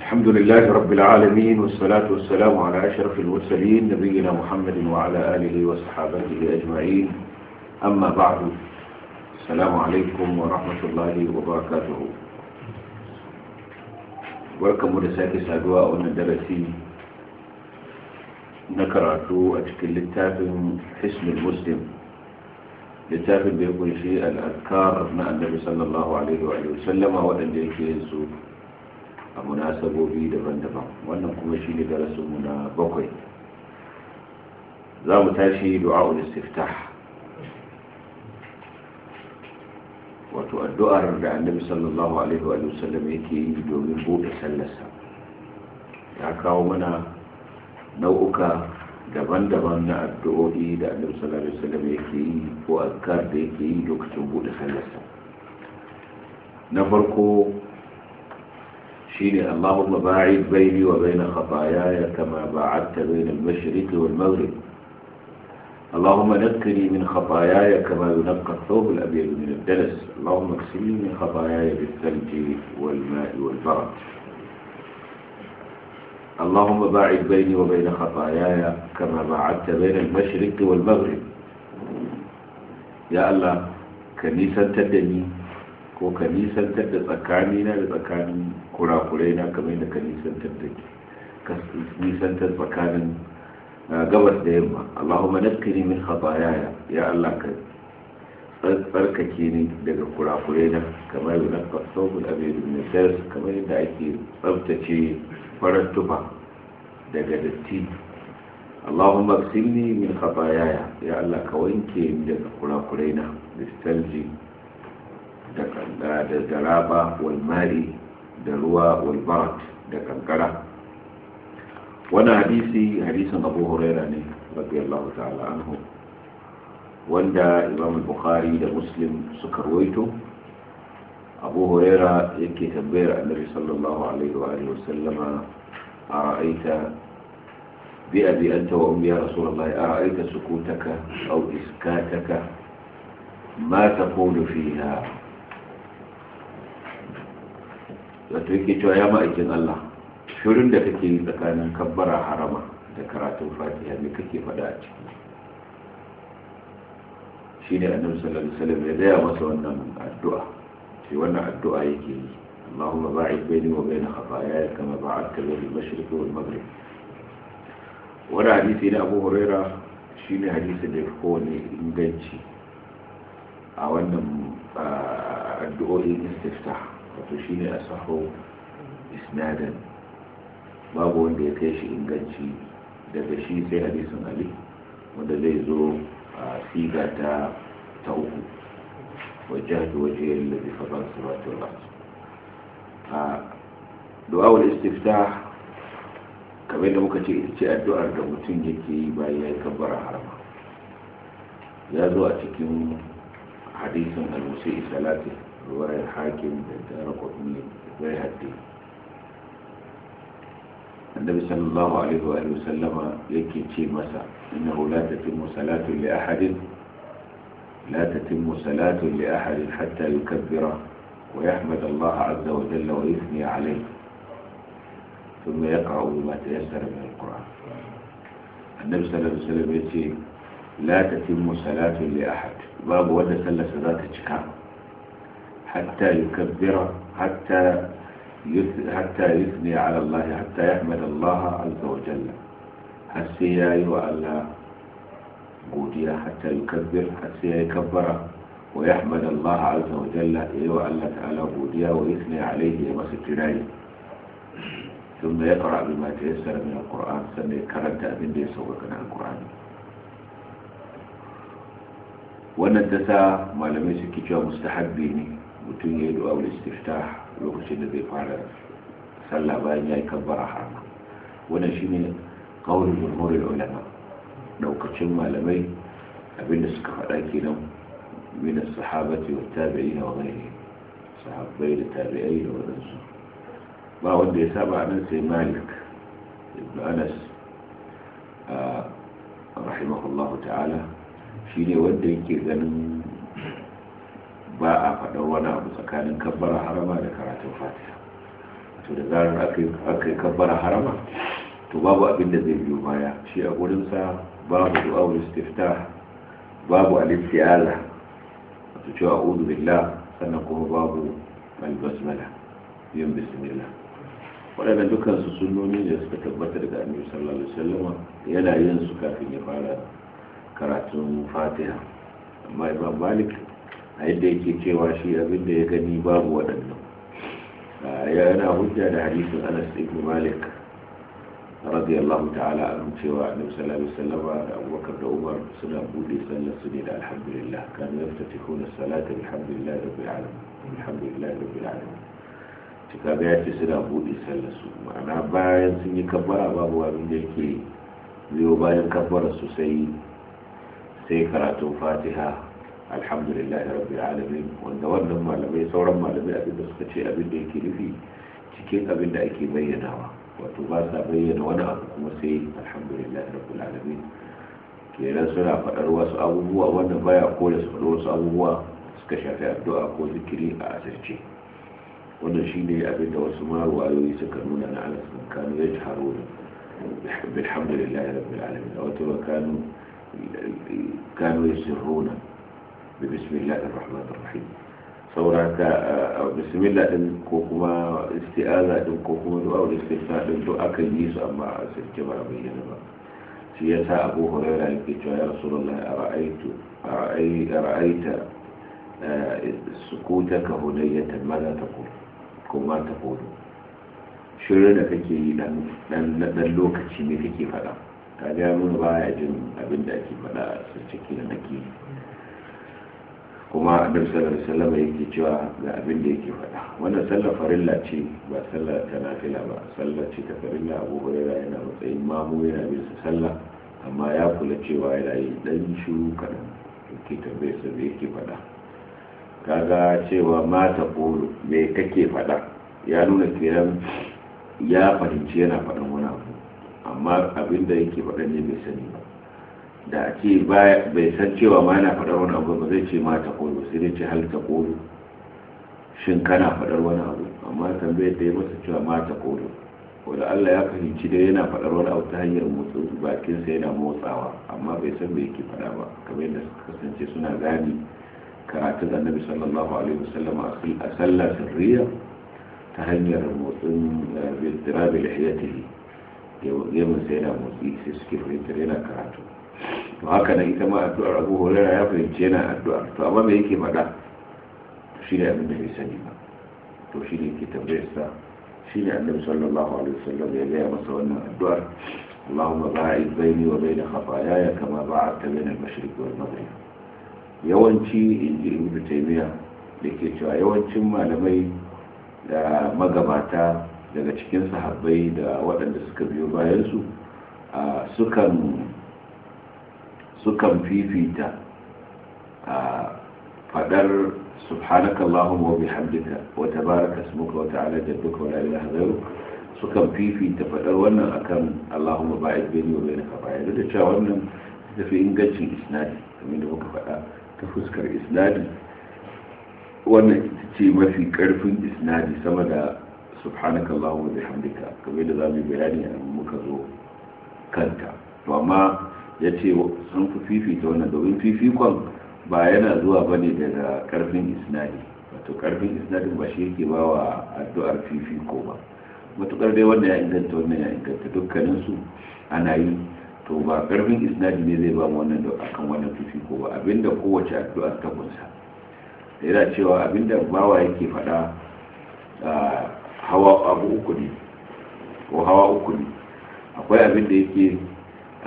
الحمد لله رب العالمين والصلاة والسلام على أشرف المرسلين نبينا محمد وعلى آله وصحابته أجمعين أما بعد السلام عليكم ورحمة الله وبركاته بركم ورساكي سادواء ندرسي نكراتو أتكل للتاب حسن المسلم للتاب بيقول شيء الأذكار أبناء النبي صلى الله عليه وآله وسلم وأن يكيزو a munasabobi daban-daban wannan kuma shi ne darasinmu na bakwai za mu tashi du'a'ul istiftah wato addu'ar da annabi sallallahu alaihi wa sallam yake yi domin buɗe sallarsa ya kawo mana nau'uka daban-daban na addu'o'i da annabi sallallahu alaihi wa sallam yake yi ko azkar da yake yi lokacin buɗe sallarsa na farko شيني اللهم باعد بيني وبين خطاياي كما باعدت بين المشرق والمغرب اللهم نقني من خطاياي كما ينقى الثوب الأبيض من الدنس اللهم اغسلني من خطاياي بالثلج والماء والبرد اللهم باعد بيني وبين خطاياي كما باعدت بين المشرق والمغرب يا الله كنيسة تدني ko ka nisantar da tsakani na da tsakanin kurakurai na kamar da ka nisantar da ka nisantar tsakanin ah, gabas da yamma Allahumma nakkini min khataaya ya Allah ka tsarkake ni daga kurakurai na kamar da abin da na sayar sir kamar da ake tsaftace farar tufa daga datti Allahumma silni min khataaya ya Allah ka wanke ni daga kurakurai na da da jaraba wal mali da ruwa wal barat da kankara wani hadisi hadisin abu huraira ne radiyallahu ta'ala anhu wanda imam bukhari da muslim suka ruwaito abu huraira yake tambayar annabi sallallahu alaihi wa alihi wasallama ara'aita bi abi anta wa ummi ya a ara'aita sukutaka aw iskataka ma taqulu fiha wato yake cewa ya ma'aikin Allah shirin da kake yi tsakanin kabbara harama da karatun fatiha me kake fada a ciki shi ne annabi sallallahu alaihi wasallam ya gaya masa wannan addu'a shi wannan addu'a yake yi اللهم باعد بيني وبين خطاياي كما بعدت بين المشرق والمغرب wani hadisi na abu huraira shi ne hadisi da kowane inganci a wannan addu'o'in istifta wato shi ne a saho isnadin babu wanda ya kai shi inganci daga shi sai hadisin ali wanda zai zo a siga ta ta uku wajen da waje da zai faɗa su wato ba a du'awul istifta kamar da muka ce ita ce addu'ar da mutum yake yi bayan ya yi kabbara harama ya zo a cikin hadisin al-musa'i Salatu. رواية الحاكم القطني رواية هدي النبي صلى الله عليه وآله وسلم يكي تشي مسا إنه لا تتم صلاة لأحد لا تتم صلاة لأحد حتى يكبر ويحمد الله عز وجل ويثني عليه ثم يقع بما تيسر من القرآن النبي صلى الله عليه وسلم يتي لا تتم صلاة لأحد باب ودى سلس ذات الشكام حتى يكبر حتى حتى يثني على الله حتى يحمد الله عز وجل حتى يوالا وألا حتى يكبر حتى يكبر ويحمد الله عز وجل يوالا تعالى قوديا ويثني عليه وسكراي ثم يقرأ بما تيسر من القرآن ثم كرد أبن دي سوكنا القرآن wannan ما لم malamai suke cewa mutum ya yi du'a wani istifta lokacin da zai fara sallah bayan ya yi kabbara harama wannan shine kaulin jumhurin ulama daukacin malamai abinda suka faɗa kenan min sahabati wa tabi'in wa ghayrihim sahabbai da tabi'ai da wadansu ba wanda ya saba nan sai malik ibn anas rahimahullahu ta'ala shine wanda yake ganin ba a faɗa wani abu tsakanin kabbara harama da karatun fatiha to da zarar aka yi kabbara harama to babu abin da zai biyo baya shi a sa babu du'a'ul istifta babu al a wato cewa a'udhu billah sannan kuma babu al-basmala yin bismillah waɗannan dukkan su sunnoni ne suka tabbata daga annabi sallallahu alaihi wasallam yana yin su kafin ya fara karatun fatiha amma imam malik a yadda yake cewa shi abinda ya gani babu waɗannan yana hujja da hadisin anas ibn malik radiyallahu ta'ala an cewa annabi sallallahu alaihi wasallam da abubakar da umar suna bude sallar su ne da alhamdulillah kanu yaftatihuna salata alhamdulillah da alamin alhamdulillah rabbil alamin cika ga ce suna bude sallar su ma'ana bayan sun yi kabbara babu abin da yake biyo bayan kabbara su sai sai karatun fatiha alhamdulillahi rabbi alamin wanda wannan malamai sauran malamai abinda suka ce abin da yake nufi cikin abin da ake bayyanawa wato ba sa bayyana wani abu kuma sai alhamdulillahi rabbi alamin kenan suna faɗar wasu abubuwa wanda baya kore su faɗo wasu abubuwa suka shafi addu'a ko zikiri a asirce wannan shi shine abin da wasu marwayoyi suka nuna na anas bin kanu ya jiharo bilhamdulillahi rabbil alamin a wata kanu kanu yasirruna da bismillah ar-rahman ar-rahim sauraka bismillah din ko kuma isti'aza din ko kuma du'a da istighfar din to aka yi su amma a sirke ba bayyana ba shi yasa Abu Hurairah yake cewa shirin da kake yi dan lokaci ne kake faɗa kaga mun baya jin abin da ake faɗa a cikin da nake kuma annabi sallallahu alaihi wasallam yake cewa ga abin da yake faɗa wannan sallar farilla ce ba sallar ta nafila ba sallar ce ta farilla abu hurairah yana matsayin mamu yana bin sa sallah amma ya kula cewa yana yi dan shiru kaɗan yake tambayar sa yake faɗa kaga cewa mata kolo me kake faɗa ya nuna kenan ya fahimci yana faɗan wani abu amma abin da yake faɗa ne bai sani ba da a bai san cewa ma yana faɗar wani abu ba zai ce ma ta kolo sai dai ce hal shin kana faɗar wani abu amma tambayar da ya masa cewa ma ta kolo wanda Allah ya fahimci dai yana faɗar wani abu ta hanyar motsa sa yana motsawa amma bai san me yake faɗa ba kamar yadda suka kasance suna gani karatun annabi sallallahu alaihi sallam a sallar sirriya ta hanyar motsin eh, bintirabi da hiyatihi sai yana motsi sai suke fahimtar yana karatu to haka nan ita ma addu'ar abu horera ya fahimci yana addu'a to amma me yake faɗa shi ne abin da bai sani ba to shi ne ke tambayar sa shi ne annabi sallallahu alaihi wasallam ya gaya masa wannan addu'ar wa باعد بيني kama ba'adta كما al-mashriq wal maghrib yawanci inji ibnu taymiya da ke cewa yawancin malamai da magabata daga cikin sahabbai da waɗanda suka biyo bayansu sukan sukan fifita a fadar subhanakallahumma wa bihamdika wa tabaraka ismuka wa ta'ala jadduka wa la ilaha ghayruk sukan fifita fadar wannan akan Allahumma ba'id bai wa bainaka ba'id da cewa wannan tafi ingancin isnadi kamar da muka faɗa ta fuskar isnadi wannan ita ce mafi ƙarfin isnadi sama da subhanakallahumma wa bihamdika kamar da za mu zamu bayani a muka zo kanta to amma ya ce sun fi fifita wannan domin fifikon ba yana zuwa ba ne daga karfin isnadi wato karfin isnadin ba shi yake ba wa addu'ar fifiko ba matukar dai wanda ya inganta wannan ya inganta dukkaninsu ana yi to ba karfin isnadi ne zai ba wannan da akan wannan fifiko ba abinda kowace addu'a ta kunsa yana cewa abinda bawa yake faɗa hawa abu uku ne ko hawa uku ne akwai abinda yake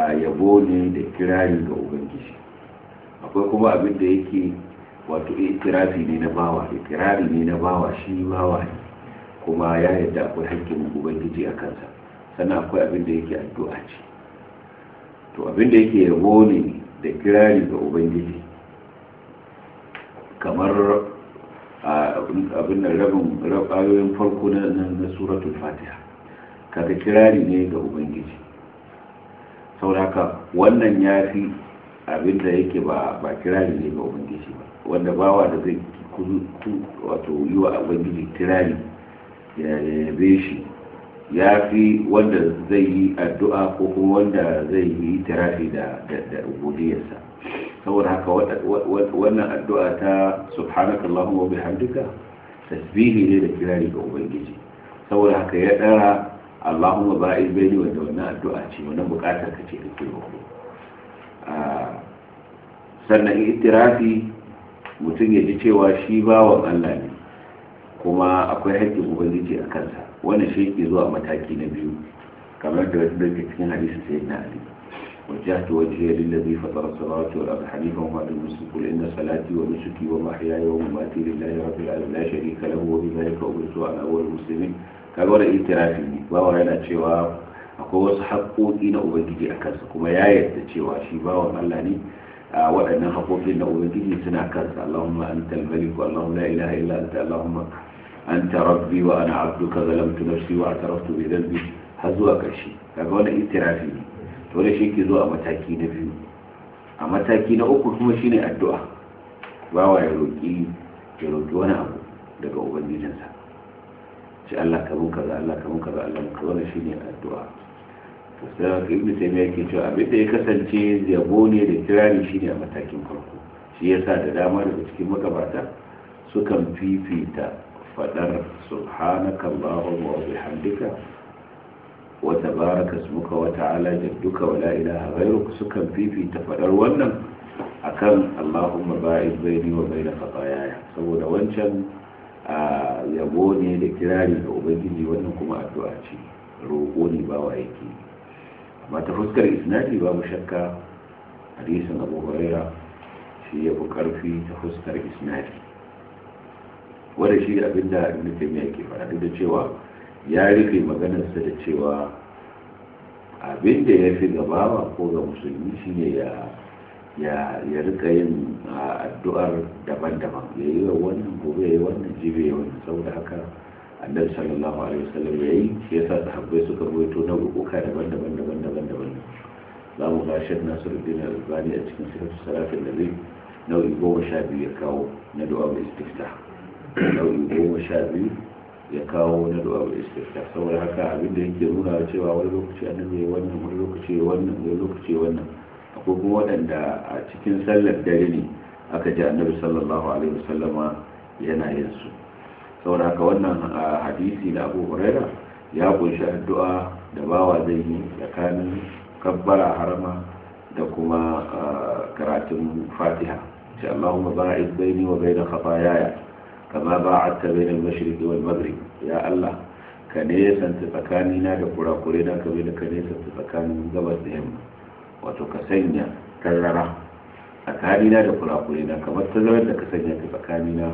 yabo ne da kirari ga ubangiji akwai kuma abin da yake wato itirafi ne na bawa itirafi ne na bawa shi bawa ne kuma ya yadda akwai hakkin ubangiji a kansa sannan akwai abin da yake addu'a ce to abin da yake yabo ne da kirari ga ubangiji kamar abin da rabin rabayoyin farko na suratul fatiha kaga kirari ne ga ubangiji sauraka wannan ya fi abin da yake ba kirari ne ga ubangiji ba wanda bawa da zai wato yi wa ubangiji kirari ya yabe shi ya fi wanda zai yi addu'a ko kuma wanda zai yi tirafi da ubudiyarsa saboda haka wannan addu'a ta subhanakallahumma wa bihamdika tasbihi ne da kirari ga ubangiji saboda haka ya dara Allahumma ba'id baini wanda wannan addu'a ce wannan bukatar ka ce kake roƙo sannan itirafi mutum ya ji cewa shi bawan Allah ne kuma akwai haƙƙin ubangiji a kansa wannan shi ke zuwa mataki na biyu kamar da wasu daga cikin hadisi sai na ali وجهت وجهي للذي فطر السماوات والارض حنيفا وما المسلم قل ان صلاتي ونسكي ومحياي ومماتي لله رب العالمين لا شريك له وبذلك امرت على اول المسلمين kaga wannan itirafi ne Bawan yana cewa akwai wasu haƙoƙi na ubangiji a kansa kuma ya yadda cewa shi bawan Allah ne waɗannan haƙoƙin na ubangiji suna kansa Allahumma antal malik Allahumma la ilaha illa anta Allahumma anta rabbi wa ana abduka zalamtu nafsi wa ataraftu bi dhanbi har zuwa ƙarshe kaga wannan itirafi ne to da shi ke zuwa a mataki na biyu a mataki na uku kuma shine addu'a bawa ya roƙi ya roƙi wani abu daga ubangijinsa sai Allah ka mun kaza Allah ka mun kaza Allah ka wannan shine addu'a to sai haka ibnu yake cewa abin da ya kasance yabo ne da kirari shine a matakin farko shi yasa da dama daga cikin magabata sukan fifita fadar subhanaka allahumma wa bihamdika wa tabaraka ismuka wa ta'ala jadduka wa la ilaha ghayruk sukan fifita fadar wannan akan allahumma ba'id baini wa baina khataaya saboda wancan a yabo ne da kirari ga ubangiji wannan kuma addu'a ce roƙo ne ba wa yake amma ta fuskar isnadi babu shakka hadisin abu huraira shi ya fi karfi ta fuskar isnadi wanda shi abinda ibn taymiya yake fara duk da cewa ya rufe maganarsa da cewa abinda ya fi gaba ko ga musulmi shine ya ya rika yin addu'ar daban-daban ya yi wannan gobe ya yi wannan jibe ya wannan saboda haka annabi sallallahu alaihi wasallam ya yi shi yasa sahabbai suka rubuto na rubuka daban-daban daban-daban daban za mu ga shek nasiruddin albani a cikin sirrin salafin da zai nau'i goma sha biyu ya kawo na du'a mai istifta nau'i goma sha biyu ya kawo na du'a mai istifta saboda haka abin da yake nuna cewa wani lokaci annabi ya yi wannan wani lokaci ya wannan wani lokaci ya wannan ko kuma waɗanda a cikin sallar dare ne aka ji annabi sallallahu alaihi wasallama yana yin su saboda haka wannan hadisi da abu huraira ya kunshi addu'a da bawa zai yi tsakanin kabbara harama da kuma karatun fatiha insha ba a baini wa baina khafayaya kama a baina al-mashriq wal maghrib ya Allah ka tsakani tsakanina da kurakure na kabe da ka santa tsakanin gabas da yamma wato ka sanya a tsakanina da kurakurina kamar zama da ka sanya ta tsakanina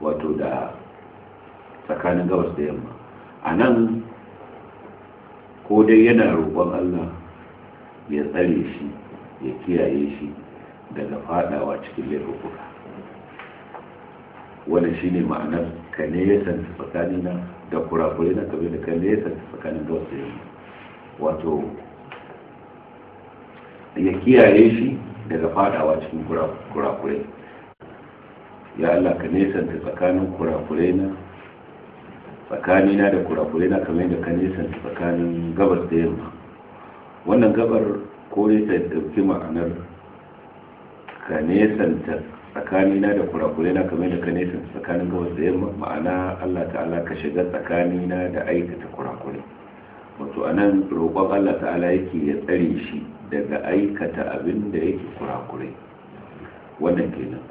wato da tsakanin gabas da yamma a nan ko dai yana roƙon allah ya tsare shi ya kiyaye shi daga fadawa cikin laifuka shi shine ma'anar ka nesanta tsakanina da kurakurina kamar da ka nesanta tsakanin gabas da yamma wato ya kiyaye shi daga fadawa cikin kurakurai ya Allah ka nesanta tsakanin kurakurai na tsakanina da kurakurai na kamar da ka nesanta tsakanin gabar da yamma wannan gabar ko kore ta dauki ma'anar ka nesanta tsakanina da kurakure na kamar da ka nesanta tsakanin gabar da yamma ma'ana Allah ta'ala ka shiga tsakanina da aikata kurakure wato anan roƙon Allah ta'ala yake ya tsare shi daga aikata abin da yake kurakurai wannan kenan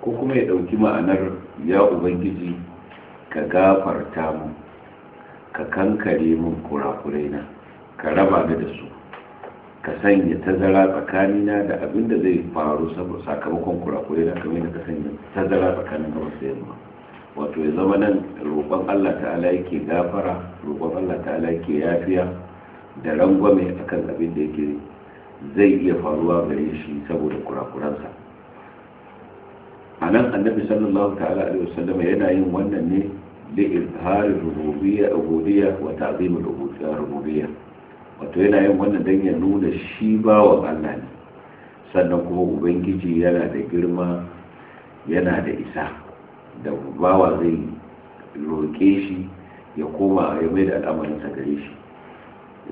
ko kuma ya ɗauki ma'anar ya ubangiji ka gafarta mu ka kankare mun kurakurai na ka raba ga da su ka sanya tazara tsakanina da abin da zai faru sakamakon kurakurai na kamar da ka sanya tazara tsakanin gabas wasu yamma wato ya zama nan roƙon allah ta'ala yake gafara roƙon allah ta'ala yake yafiya da rangwame akan abin da yake zai iya faruwa gare shi saboda kurakuransa a nan annabi sallallahu ta'ala alaihi sallama yana yin wannan ne da rububiya a godiya wa ta'zimul rububiya wato yana yin wannan dan ya nuna shi bawan Allah ne sannan kuma ubangiji yana da girma yana da isa da bawa zai roƙe shi ya koma ya mai da al'amarin gare shi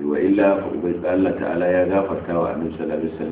وإلا قال الله تعالى يا جافر كما عبد الله